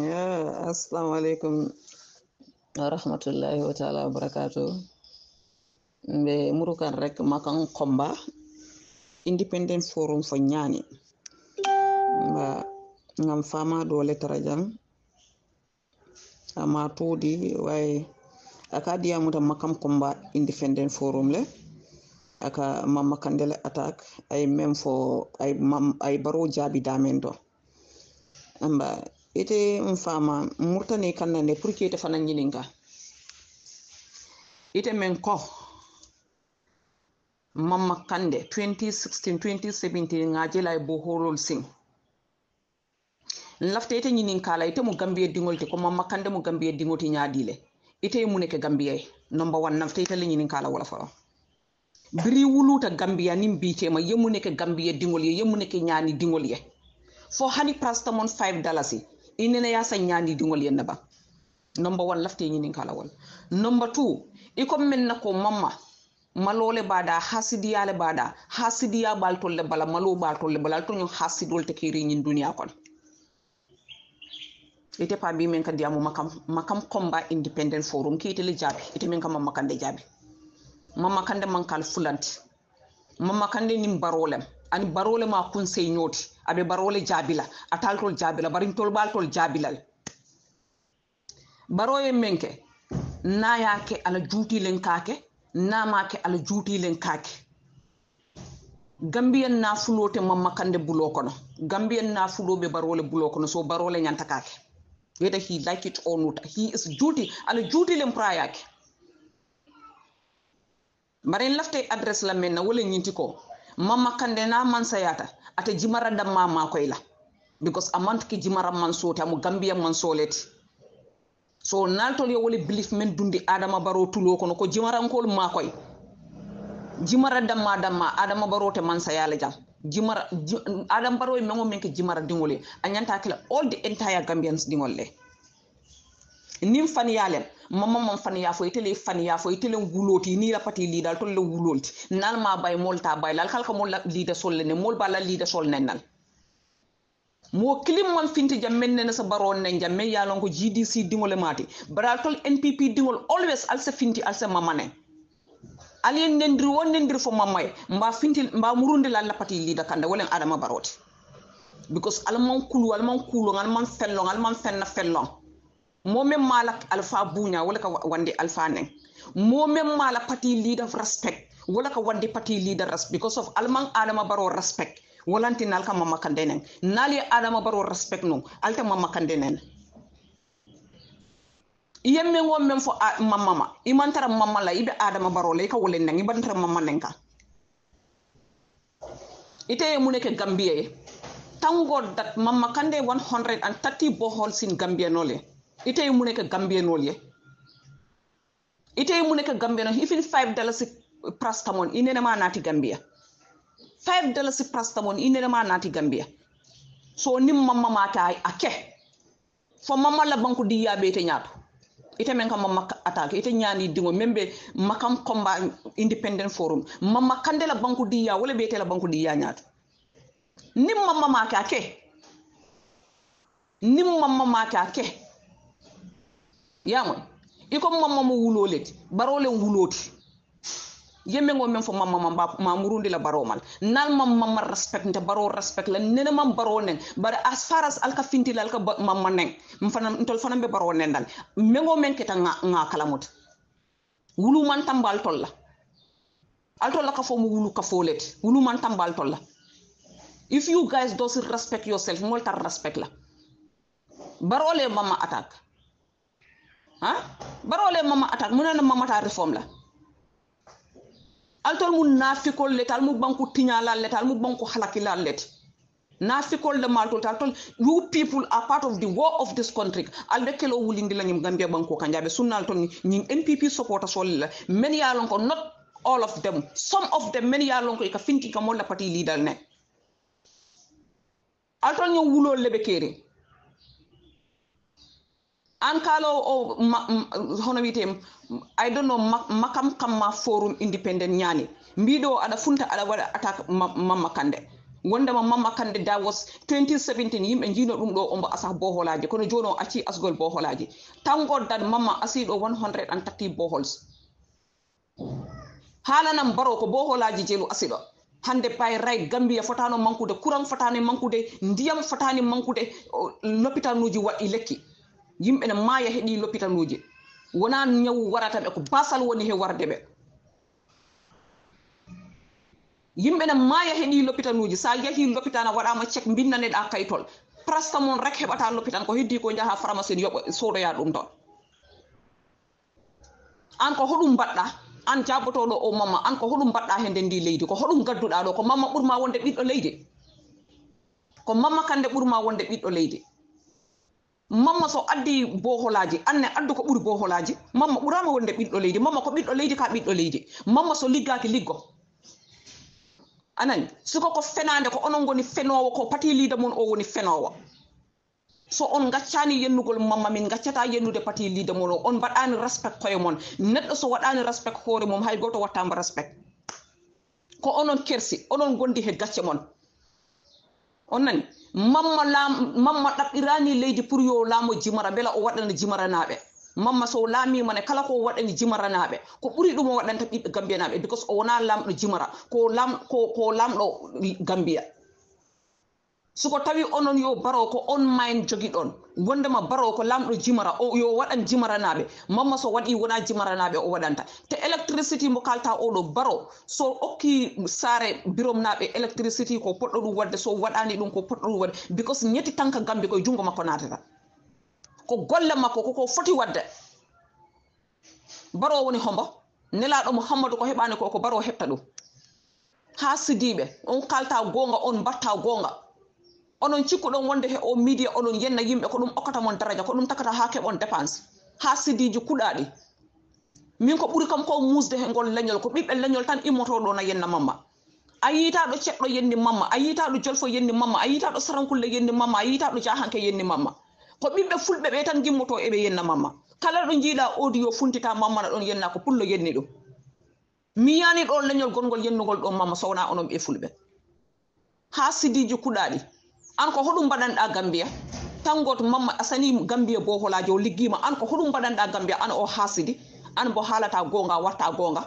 ya Assalamualaikum, warahmatullahi wabarakatuh. rahmatullahi wa taala mbe murukan rek makan komba independent forum fo ñaani ba ngam fama dole tarajang ama tuudi way akadia muta makam komba independent forum le aka makan kandele attack, ay même fo ay mam ay baro jabi damendo, do ite mfama murtani kannande pour que ite fana ñininka ite men mamma kande 2016 2017 ngaje lay bo horol sing lafta ite ñininkala ite mu gambiye dingol te ko mamma kande mu gambiye dingol ti ñaadile ite mu neke gambiye number one nafta ite le ñininkala wala fa biri wuluta gambiya nin biitema yemu neke gambiye dingol ye yemu neke ñaani dingol ye fo hani prastamon 5 dalasi inene ya saññani dingol yanda ba number one lafte nin kala wal number two iko min na ko mamma malole bada hasidiyale bada hasidiya tolle bala malo tolle bala to ni hasidol te kiri ñin duniya kon ite pa bi men kadiyamu makam makam combat independent forum ki ite le jabi ite men kam makande jabi man kal fulanti kande nim barolem ani barole ma kun sey ñooti aɓe barole jaabila a taltol jaabila barintol ɓaltol jaabilal baroye menke nayake ala juuti len kaake namake ala juuti len kaake gambiyen nafulote mammakande bulo kono gambiyen nafuloɓe barole bulo kono so barole ñanta kaake wede hi lakit onuta hi is juuti ala juuti len prayake mbaren lafte adresse lamen na wole ñinti ko mamma kande na man sayata ata jimara da ma koy la because ki jimara man sota mu gambia man soleti so naltol yo wole belief men dundi adama baro tulo kono ko jimara ma koy jimara ma da ma adama baro te man sayala jam jimara adam baro mi e ngom men ki jimara dingole anyanta kila all the entire gambians dingole nin faniyalen mama man faniya fo itele faniya fo itele wuloti ni la pati lida to le wulonti nal ma bay molta bay lal khalka mol lida solle ne mol bala lida sol nennal mo kilim man finti jam men ne sa baron ne jam men yalon ko GDC dingole mati baral tol NPP dingol always alsa finti alsa mamane alien nendri won nendri fo mamay mba finti mba murundi lal la pati lida kanda wolen adama baroti because alman kulu alman kulu alman fenlong alman fenna fenlong momen mala alpha buña wala ka wande alpha neng momen mala party leader respect wala ka wande pati leader respect because of alman adama baro respect walanti nal ka mama kandenen nali adama baro respect no alta mama kandenen iye men men fo mama ma imantara mama la ibe adama baro la ka wolen nang ibantara mama nenka ite muneke gambie tango mama kande 130 boholes gambia nole itey mu nekk gambianool ye itey mu nekk gambianool ifin five dollars prastamon inenema naati gambia five dollars prastamon inenema naati gambia so ni mamma mata a ke fo mamma labanko diyaɓe ite ñaato ite men kam mamma atake ite ñaani dingo membe makam comba independent forum mamma kande la banku diya wala ɓe la banku diya ñaato nin mamma mata a ke mamma mata ake ya moy iko mamma mo baro le wuloti yemme ngo men fo mamma mam ma murundi la baro mal nal mam mamma respect nte baro respect la nena mam baro ne bar as far as alka finti alka mamma nen mfana ntol fana be baro ne dal mengo men keta nga, nga kalamut wulu man tambal tolla al tolla ka fo mu wulu ka fo let wulu man tambal tolla if you guys don't respect yourself mo molta respect la baro le mamma attack ah le mama atak na mama ta reform la altol mu nafikol le tal mu banku tiñalal le tal mu banku halakila let. nafikol le maltol tal you people are part of the war of this country alde kelo wulindi lañim gambia banko kanjabe sunnal ton ñi npp supporter sol la men ya lon ko not all of them some of them men ya lon ko ka finti ka mo la parti leader ne altol ñu wulol lebe kéré an kala o hono wiyete ay donno makam kamma forum independent ñaani mbiɗo aɗa funta aɗa waɗa attaque mamma kande wondema mamma kande davos 2017 yimɓe jino ɗum ɗo omo asa boholaji kono joni o acci asgol boholaji tangoddat mamma asiɗo 100 an tati bohols haalanan mbaro ko boholaji jeelu asiɗo hande pay ray gambiya fotano mankude courant fotano mankude ndiyam fotani mankude l'hôpital uji waɗɗi lekki yimɓe ne maaya heɗi lopital uji wona ñawu warata ɓe ko basal woni he warde ɓe yimɓe ne maaya heɗi lopital uji so yahi lopital a waɗama cek mbinnaneɗa kaytol prastamon rek heɓata lopital ko heddi ko jaha pharmacie yoɓa soodoya ɗum ɗon an ko hoɗum mbaɗɗa an jabotoɗo o mamma an ko hoɗum mbaɗɗa hende ndi leydi ko hoɗum gadduɗa ɗo ko mamma ɓurma wonde ɓiɗɗo leydi ko mamma kande ɓurma wonde ɓiɗɗo leydi mamma so addi boholaji anne addu ko ɓuuri boholaji mamma ɓurama wonde ɓiɗɗo leydi mamma ko ɓiɗɗo leydi ka ɓiɗɗo leydi mamma so liggaki liggo anani siko ko fenade ko onon goni fenowo ko pati lida mon o woni fenowo so on gaccani yennugol mamma min gaccata yennude pati lida mon o on mbaɗani respect koye mon neɗɗo so waɗani respect hoore mum hay goto wattama respect ko onon kersi onon gondi he gacce mon on nani mamma laam mamma ɗaɓɓirani leydi pour yo laamo jimara bela o waɗana jimaranaaɓe mamma so laamimane kala ko waɗani jimaranaaɓe ko ɓuri ɗum o waɗanta ɓiɓɓe gambiya naaɓe because o wona laamɗo jimara ko laamɗo gambiya soko tawi onon yo barowo ko on ma en jogi ɗon wondema barowo ko lamɗo jimara o yo waɗan jimaranaɓe mamma so waɗi wona jimaranaɓe o waɗanta te électricité mo kalta oɗo baro so okki saare biromnaɓe électricité ko poɗɗo ɗum wadde so waɗani ɗum ko poɗɗo ɗum wadde because ñetti tan ka gambi koye junngo makko naateta ko golle makko koko foti wadde barowo woni hombo nelaɗo mouhammadou ko heɓani ko ko baro heɓta ɗum ha sidiɓe on kalta gonga on mbatta gonga onon cikkuɗon wonde he o midia onon yenna yimɓe ko ɗum okkata mon daraja ko ɗum takata ha keɓon dépense ha sidiji kuɗaɗi min ko ɓuri kam ko musde he ngol leñol ko ɓiɓɓe leñol tan immotoɗo na yenna mamma a yiitaɗo ceɗɗo yenni mamma a yiitaɗo jolfo yenni mamma a yiitaɗo sarankulle yenni mamma a yiitaɗo jahanke yenni mamma ko ɓiɓɓe fulɓe ɓe tan gimmoto eɓe yenna mamma kala ɗo jiiɗa audio funtita mamma na ɗon yenna ko pullo yenni ɗum mi yiyani ɗon leñol gonngol yennugol ɗon mamma sowna onon ɓe fulɓe ha sidiji kuɗaɗi an ko hoɗum mbaɗanɗa gambiya tangoto mamma asani gambiya boholajo o liggima an ko hoɗum mbaɗanɗa gambiya an o haasidi an bo haalata gonga watta gonga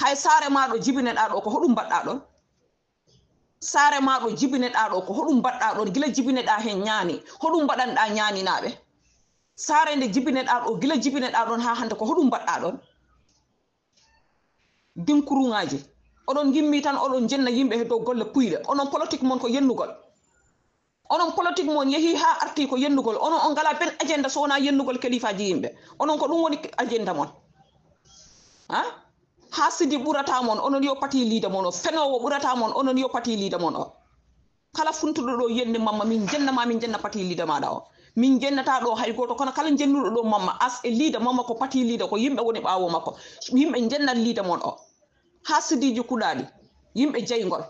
hay saare maɗo jibineɗa ɗo ko hoɗum mbaɗɗa ɗon saare maɗo jibineɗa ɗo ko hoɗum mbaɗɗa ɗon gila jibineɗa hen ñaani hoɗum mbaɗanɗa ñaaninaɓe saare nde jibineɗa ɗo gila jibineɗa ɗon ha hande ko hoɗum mbaɗɗa ɗon dinkurungaji oɗon gimmi tan oɗon jenna yimɓe he dow golle puyɗe onon politique mon ko yennugol onon politique mon yehi ha arti ko yendugol onon on ngala ben agenda so wona yendugol kalifaji yimɓe onon ko ɗum woni agenda mon ha ha sidi ɓuratamon onon yo pati liida mon o fenowo ɓuratamon onon yo pati liida mon o kala funtuɗo ɗo yende mamma min jennama min jenna pati liida maɗa o min jennata ɗo hay goto kono kala jennuɗo ɗo mamma as e liida mamma ko pati liida ko yimɓe woni ɓawo makko yimɓe jennat liida mon o ha sidiji kuɗaɗi yimɓe jeygol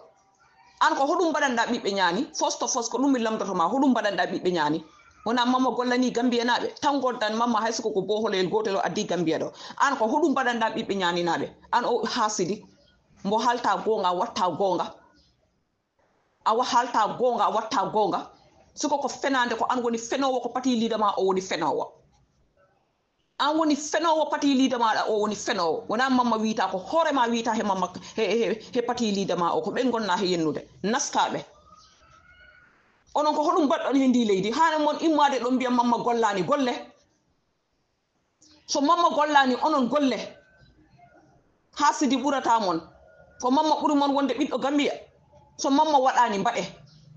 an ko hoɗum mbaɗanɗa ɓiɓɓe ñaami fost o fos ko ɗum mi lamdotoma hoɗum mbaɗanɗa ɓiɓɓe ñaami wona mamma gollani gambiya naɓe tan goddan mamma haysoko ko boholel gotel o addi gambiya ɗo an ko hoɗum mbaɗanɗa ɓiɓɓe ñaaminaɓe an o haasidi mbo halta goonga watta goonga a halta goonga a watta goonga soko ko fenade ko an woni fenowo ko pati lidama o woni fenowo an woni fenowo pati liida maɗa o woni fenowo wona mamma wiita ko hoorema wiita he mamma he pati liida ma o ko ɓen gonna he yennude naskaɓe onon ko hoɗum baɗɗon he ndi leydi hane moon immade ɗon mbiya mamma gollani golle so mamma gollani onon golle ha sidi ɓurata mon ko mamma ɓuri mon wonde ɓiɗɗo gambiya so mamma waɗani mbaɗe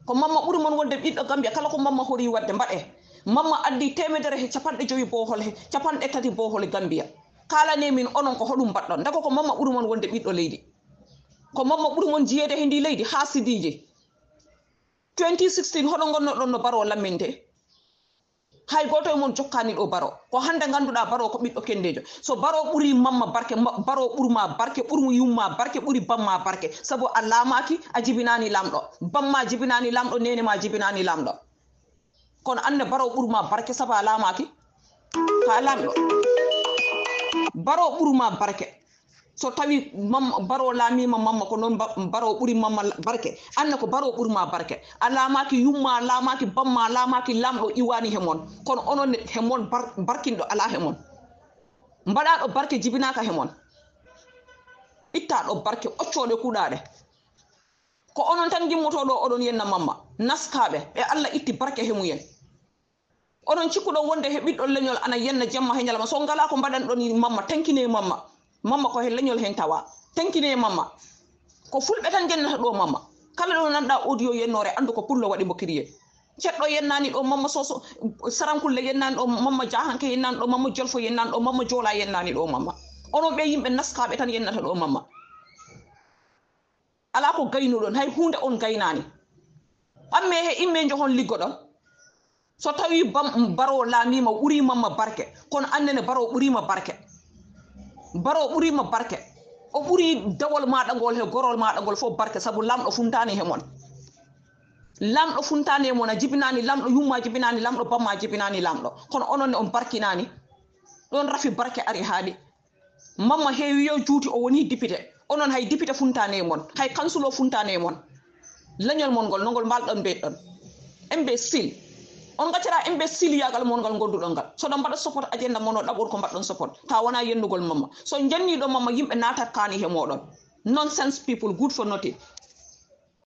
ko mamma ɓuri mon wonde ɓiɗɗo gambiya kala ko mamma hori wadde mbaɗe mamma addi temedere he capanɗe joyi bohol he capanɗe tati bohol e gambiya kalane min onon ko hoɗum mbaɗɗon dago ko mamma ɓurumon wonde ɓiɗɗo leydi ko mamma ɓurumon jiyede he ndi leydi ha sidije 2016 hoɗo gonnoɗon no baro lamminte hay goto e mon jokkani ɗo baro ko hande ganduɗa baro ko ɓiɗɗo kendejo so baro ɓuuri mamma barke baro ɓurma barke ɓurmu yumma barke ɓuuri bamma barke saabu a laamaki a jibinani lamɗo bamma jibinani lamɗo nenema jibinani lamɗo kono annde barowo ɓuruma barke sabu a laamaki ha laami ɗo barowo ɓuruma barke so tawi mamma barowo laamima mamma ko noon barowo ɓuri mamma barke anne ko barowo ɓurima barke a laamaki yumma laamaki bamma laamaki laamɗo iwani hemon kono onon hemon barkinɗo ala hemon mbaɗaɗo barke jibinaka hemon itta ɗo barke occoɗe kuɗaɗe ko onon tan gimmoto ɗo oɗon yenna mamma naskaɓe ɓe allah itti barke hemuyen oɗon cikkuɗon wonde he ɓiɗɗon leñol ana yenna jemma he ñalama so ngala ko mbaɗan ɗon mamma tankine mamma mamma ko he leñol hen tawa tankine mamma ko fulɓe tan yennata ɗo mamma kala ɗo nanɗa audio yennore andu ko pullo waɗi bokirie ceɗɗo yennani ɗo mamma soso sarankulle yennani ɗo mamma jahanke yennani ɗo mamma jolfo yennani ɗo mamma joola yennani ɗo mamma onon ɓe yimɓe naskaɓe tan yennata ɗo mamma ala ko gaynuɗon hay hunde on gaynani amme he imme jehon liggo ɗon so tawi barowo laamima ɓurimamma barke kono annene barowo ɓurima barke barowo ɓurima barke o ɓuri dawol maɗa ngol he gorol maɗa ngol fof barke saabu lamɗo funtani he moon lamɗo funtani he moon a jibinani lamɗo yumma jibinani lamɗo bamma jibinani lamɗo kono onon ne on barkinani ɗon rafi barke ari haaɗi mamma heewi yo juuti o woni dipité onon hay député funtane e mon hay kansule o funtane e mon leñol mon ngol nongol mbalɗon mbeɗ ɗon imbécile on gaccata imbécile yagal monngal gonduɗol ngal soɗo mbaɗa support agenda mono ɗaɓor ko mbaɗɗon support ta wona yendugol mamma so janniɗo mamma yimɓe natat kani he moɗon nonsense people good for noting